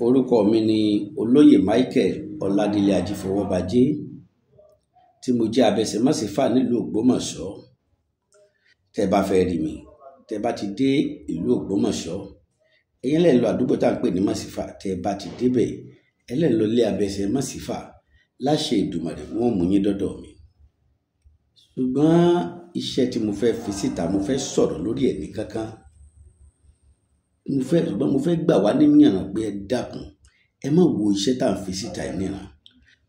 Orúkọ mi ni Olóyè Michael Ọládélé Ajífọwọ́bajé tí mo jẹ́ abẹsẹ̀másífà nílùú Ògbómọ̀ṣọ́. Tẹ bá fẹ́ rí mi, tẹ bá ti dé ìlú Ògbómọ̀ṣọ́, ẹ̀yin lẹ́ ń lọ àdúgbò tá à ń pè ní Màsífà, tẹ bá ti dé bẹ̀, ẹ láṣẹ Èdùmàrè wọn mú yín dọ́dọ̀ mi. Ṣùgbọ́n iṣẹ́ tí mo fẹ́ fi síta, mo fẹ́ sọ̀rọ̀ lórí ẹ̀ ní kankan mo fẹ́ ṣùgbọ́n mo fẹ́ gbà wá nímọ̀ràn pé ẹ dákun ẹ má wo iṣẹ́ tá à ń fi síta ìníran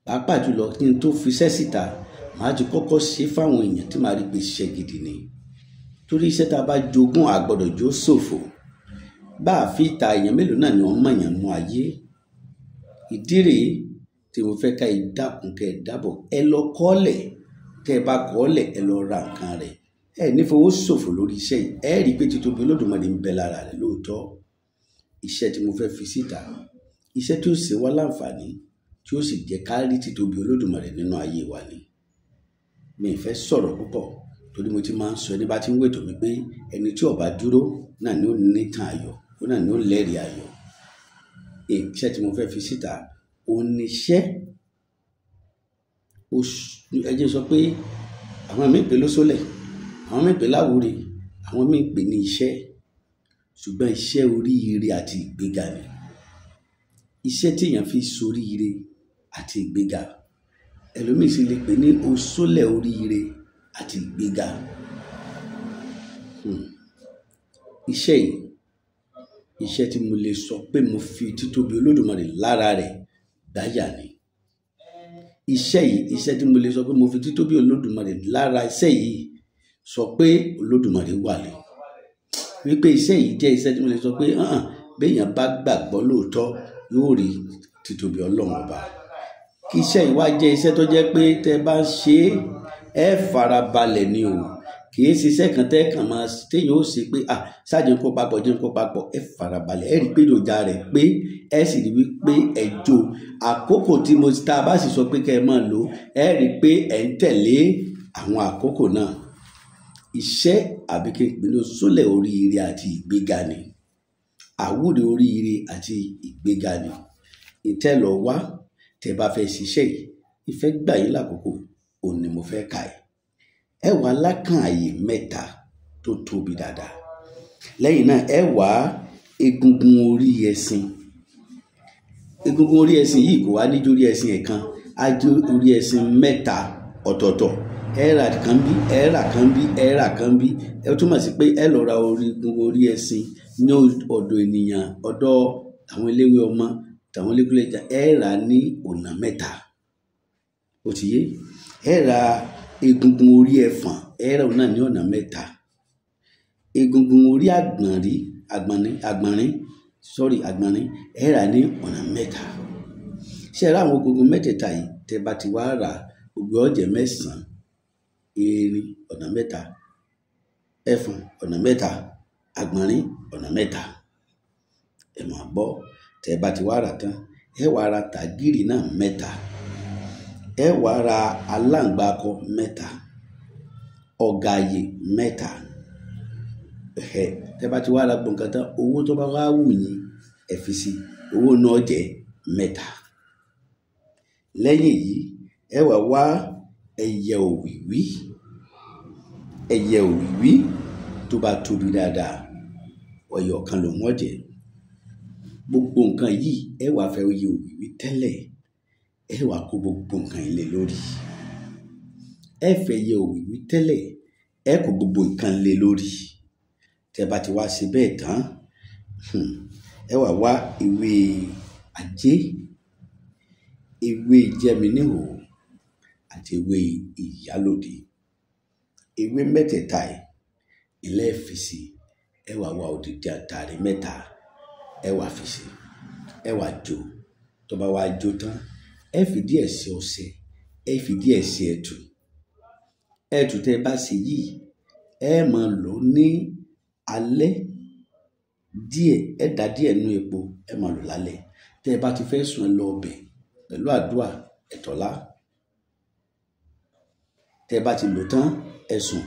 pàápàá jùlọ kí n tó fiṣẹ́ síta màá ti kọ́kọ́ ṣe fáwọn èèyàn tí màá rí pé iṣẹ́ gidi ni torí iṣẹ́ tá a bá jogún àgbọ̀dọ̀ jó ṣòfò bá a fi ta èèyàn mélòó náà ni wọ́n mọ̀ èèyàn nú ayé ìdí rèé tí mo fẹ́ ká ẹ dákun kẹ́ ẹ dábọ̀ ẹ lọ kọ́ọ̀lẹ̀ tẹ́ ẹ bá kọ́ọ̀lẹ̀ ẹ lọ ra nǹkan rẹ̀ ẹ ní fowó ṣòfò lórí iṣẹ́ yìí ẹ rí i pé títóbi olódùmarè ń bẹ lára rẹ̀ lóòótọ́ iṣẹ́ tí mo fẹ́ fi síta iṣẹ́ tí ó ṣe wá láǹfààní tí ó sì jẹ́ ká rí títóbi olódùmarè nínú ayé wa ni mi ì fẹ́ sọ̀rọ̀ púpọ̀ torí mo ti máa ń sọ ẹni bá ti ń wètò mi pé ẹni tí ó bá dúró náà ni ó ní tàn ayọ̀ ó náà ni ó lẹ́rìí ayọ̀ iṣẹ́ tí mo fẹ́ fi síta oníṣẹ́ ẹ sọ pé àwọn mi pè lóṣòlẹ̀ àwọn míì pè láwúre àwọn míì pè ní iṣẹ́ ṣùgbọ́n iṣẹ́ oríire àti ìgbéga ni iṣẹ́ téèyàn fi soríire àti ìgbéga ẹlòmíì sì lè pè ní oṣólẹ̀ oríire àti ìgbéga hmm. iṣẹ́ yìí iṣẹ́ tí mo lè sọ pé mo fi títóbi olódùmarè lára rẹ̀ dáyà ni iṣẹ́ yìí iṣẹ́ tí mo lè sọ pé mo fi títóbi olódùmarè lára iṣẹ́ yìí sọ pé olódùmarè wà lẹ wípé iṣẹ́ yìí jẹ́ iṣẹ́ tí mo lè sọ pé hàn béèyàn bá gbàgbọ́ lóòótọ́ yóò rí títóbi Ọlọ́run ọba kí iṣẹ́ yìí wá jẹ́ iṣẹ́ tó jẹ́ pé tẹ́ bá ń ṣe é ẹ farabalẹ̀ ni o kì í ṣiṣẹ́ kan tẹ́ kàn máa téèyàn ó ṣe pé à ṣáàjì ń kó papọ̀ jẹ́ ń kó papọ̀ ẹ farabalẹ̀ ẹ rí i pé ìròjà rẹ̀ pé ẹ sì rí i pé ẹ jó àkókò tí mo ta bá sì sọ pé kẹ́ ẹ máa lò ẹ rí i pé ẹ ń tẹ̀lé àwọn àkókò náà iṣẹ́ àbí kí n pè ní sólẹ̀ oríire àti ìgbéga ni àwúre oríire àti ìgbéga ni ìtẹ́lọ̀ wá tẹ́ bá fẹ́ ṣiṣẹ́ yìí ìfẹ́ gbà yín lákòókò òun ni mo fẹ́ kà yìí ẹ wà lákàn àyè mẹ́ta tó tóbi dáadáa lẹ́yìn náà ẹ wà egungun orí ẹṣin egungun orí ẹṣin yìí kò wá níjórí ẹṣin ẹ̀kan á orí ẹṣin mẹ́ta ọ̀tọ̀ọ̀tọ̀ ẹ̀rà kan bí ẹ̀rà kan bí ẹ̀rà kan bí ẹ túmọ̀ sí pé ẹ lọ ra orí gbogbo orí ẹṣin ní ọ̀dọ̀ ènìyàn ọ̀dọ̀ àwọn eléwé ọmọ tàwọn eléwé ẹja ẹ̀rà ní ọ̀nà mẹ́ta ó ti yé ẹ̀rà egungun orí ẹ̀fọ̀n ẹ̀rà náà ní ọ̀nà mẹ́ta egungun orí àgbọ̀nrín àgbọ̀nrín àgbọ̀nrín sọ́rí àgbọ̀nrín ẹ̀rà ní ọ̀nà mẹ́ta ṣe ra àwọn egungun mẹ́tẹ̀ẹ̀ta yìí tẹ́ bá ti wá rà gbogbo ọ̀jẹ̀ mẹ́sàn-án erin ọ̀nà mẹ́ta, ẹfọ̀n ọ̀nà mẹ́ta, àgbọ̀nrín ọ̀nà mẹ́ta. Ẹ àgbọ́ gbọ́, bá ti wá tán, ẹ wá ra tàgìrì náà mẹ́ta, ẹ wá ra aláǹgbà mẹ́ta, ọ̀gàyè mẹ́ta. Ẹ̀hẹ̀, bá ti wá ra gbọ̀ǹkan tán, owó tó bá wá wù yín, fi owó náà ẹyẹ òwìwí ẹyẹ òwìwí tó bá tóbi dáadáa ọyọ kan ló wọ́n jẹ gbogbo nǹkan yìí ẹ wàá fẹ́ oyè òwìwí tẹ́lẹ̀ ẹ wàá kó gbogbo nǹkan ilé lórí ẹ fẹ́ yẹ òwìwí tẹ́lẹ̀ ẹ kó gbogbo nǹkan lé lórí tẹ́ bá ti wá ṣe bẹ́ẹ̀ tán hmm, ẹ wàá wá ewé ajé ewé jẹmínìhò àti ewé ìyálòdì ewé mẹ́tẹ̀ẹ̀ta yìí ilé ìfisì ẹ wá òdìdí àtàrí mẹ́ta ẹ wá fèsì ẹ wá jó tó tán ẹ fi díẹ̀ sí ẹ fi díẹ̀ sí ẹ̀tù ẹ̀tù bá ṣe yìí ẹ máa lò ní alẹ́ díẹ̀ ẹ dá díẹ̀ nú epo ẹ máa lò lálẹ́ tẹ́ bá ti fẹ́ sùn ẹ lọ ọbẹ̀ pẹ̀lú àdúrà ẹtọlá. E tẹ́ bá ti lò tán ẹ sùn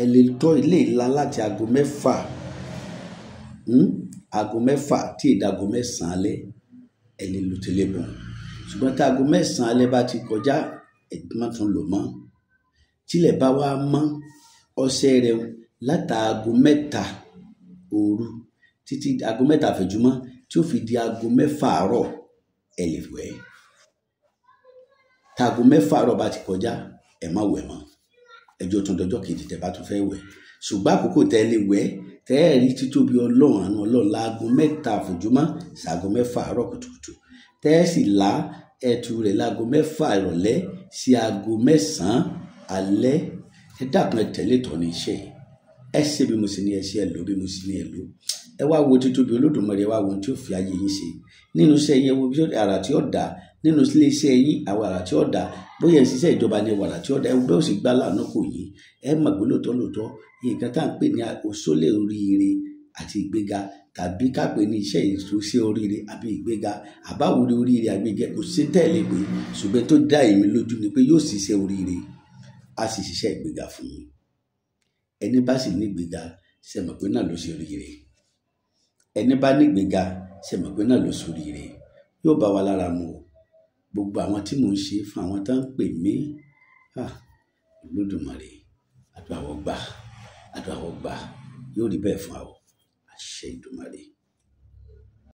ẹ lè tọ́ ilé ìlà láti aago mẹ́fà hmm, aago mẹ́fà tí ìdágo mẹ́sàn-án alẹ́ ẹ lè lò tẹ́lẹ̀ bọ̀ ṣùgbọ́n tá aago mẹ́sàn-án alẹ́ bá ti kọjá ẹ má tún lò mọ́ tílẹ̀ bá wá mọ́ ọṣẹ rẹ látàago mẹ́ta òru títí aago mẹ́ta àfẹ̀júmọ́ tí ó fi di aago mẹ́fà àárọ̀ ẹ lè wẹ̀ táago mẹ́fà àárọ̀ bá ti kọjá ẹ má wẹ̀ mọ́ ẹjọ́ tún dọjọ́ kejì tẹ́ bá tún fẹ́ wẹ̀ ṣùgbọ́n àkókò tẹ́ lè wẹ̀ tẹ́ ẹ̀ rí títóbi ọlọ́run àánú ọlọ́run láago mẹ́ta àfòjúmọ́ ṣàgọ́ mẹ́fà àárọ̀ kùtùkùtù tẹ́ ẹ̀ sì lá ẹtù rẹ̀ láago mẹ́fà ìrọ̀lẹ́ sí aago mẹ́sàn-án alẹ́ ẹ dákun ẹ tẹ̀lé tọ́ni iṣẹ́ yìí ẹ ṣe bí mo sì ní ẹ ṣe ẹ lò bí mo sì ní ẹ lò ẹ wá wo títóbi olódùmarè ẹ wá wo ohun tí ó fi ayé yín ṣe nínú iṣẹ́ yẹn wo bí ara tí ó dà nínú ilé iṣẹ́ yín àwọn ara tí ó dà bóyá ẹ ṣiṣẹ́ ìjọba ní wàrà tí ọ̀dà ẹgbẹ́ òsì gbá lànà kò yí ẹ màgbé lóòótọ́ lóòótọ́ nǹkan tá à ń pè ní òṣòlè oríire àti ìgbéga tàbí kápẹ́ ní iṣẹ́ ìtúnṣe oríire àbí ìgbéga àbáwòrán oríire àgbéga kò sí tẹ̀lé pé ṣùgbọ́n tó dá èmi lójú ni pé yóò ṣiṣẹ́ oríire a sì ṣiṣẹ́ ìgbéga fún mi ẹni bá sì ní ìgbéga sẹ̀mọ̀ pé náà ló ṣe oríire ẹni bá ní ìgbéga sẹ̀mọ̀ pé náà ló ṣe oríire yóò bá wa lára mu o gbogbo àwọn tí mò ń ṣe fún àwọn tá ń pè mí ah, olódùmarè àdúrà wọ́n gbà àdúrà wọ́n gbà yóò rí bẹ́ẹ̀ fún àwọn àṣẹ Ìdùmarè.